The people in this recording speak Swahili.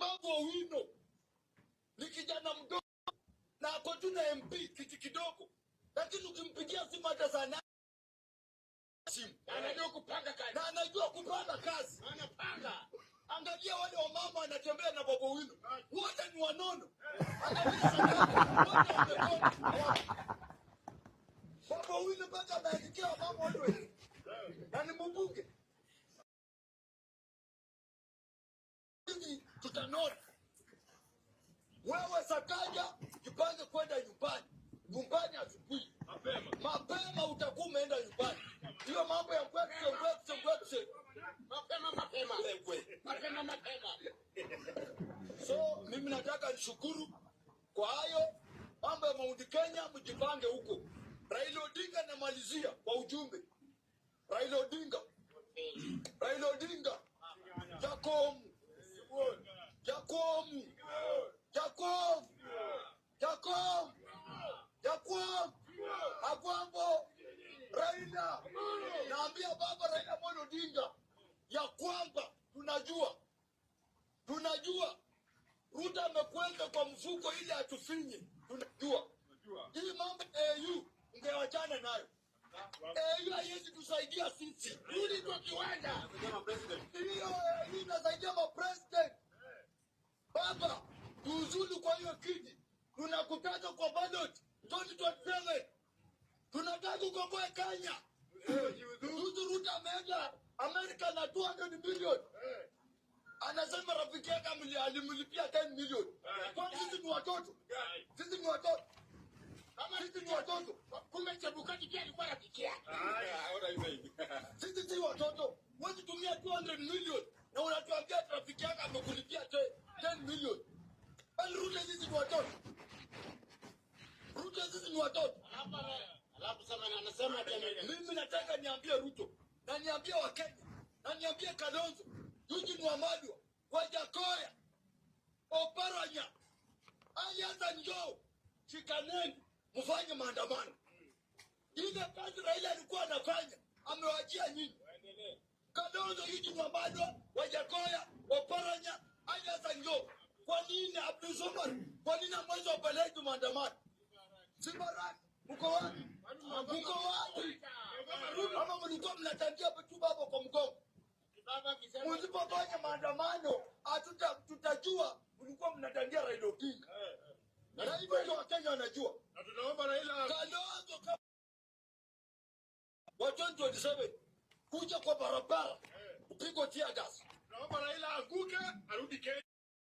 Mababu Owino ni kijana mdogo na ako tu na MP kiti kidogo, lakini ukimpigia simu hata saa nane simu anajua kupanga kazi na anajua kupanga kazi, anapanga. Angalia wale wamama wanatembea na Babu Owino, wote ni wanono. Babu Owino mpaka ameandikia wamama wote, na ni mbunge tutanona. Wewe Sakaja, jipange kwenda nyumbani, nyumbani asubuhi mapema, utakuwa umeenda nyumbani. Hiyo mambo ya kwetu kwetu kwetu, mapema mapema mapema mapema. So mimi nataka nishukuru kwa hayo mambo ya Mount Kenya, mjipange huko. Raila Odinga namalizia kwa ujumbe. Raila Odinga, Raila Odinga, ah. Jacob nao. Naambia Baba Raila Amolo Odinga ya kwamba tunajua tunajua Ruta amekwenda kwa mfuko ili atufinye. Tunajua hii mambo au ungewachana nayo au haiwezi tusaidia sisi, rudi kwa kiwanda. Hiyo au inasaidia mapresident. Baba, tuuzulu kwa hiyo kiti, tunakutaka kwa ballot 2027 tunataka kukomboa Kenya. Ruto Ruto ameenda Amerika na 200 billion. Anasema rafiki yake alimlipia 10 million. Kwa sisi ni watoto. Sisi ni watoto. Kama sisi ni watoto. Kumbe Chebukati pia alikuwa rafiki yake. Sisi si watoto. Wewe tumia 200 million na unatuambia rafiki yake amekulipia 10 million. Ruto sisi ni watoto. Ruto sisi ni watoto. Mimi nataka niambie Ruto na niambie Wakenya na niambie Kalonzo, Juji Mwamalwa, Wajakoya, Oparanya, Alianza njoo, shikaneni mfanye maandamano. Ile kazi Raila alikuwa anafanya amewajia nyinyi. Kalonzo, Juji Mwamalwa, Wajakoya, Oparanya, Alianza njoo. Kwa nini Abdul Somad? Kwa nini wa wapeleki maandamano? Sibaraki. Mko wapi? Mko wapi? Kama mlikuwa mnachangia tu baba kwa mgongo. Msipofanya maandamano, hatuta tutajua mlikuwa mnachangia Raila Odinga. Na hivyo ndio Wakenya wanajua. Na tunaomba Raila Kalonzo wa 2027 kuja kwa barabara eh. upigwe tear gas. Tunaomba Raila anguke arudi Kenya.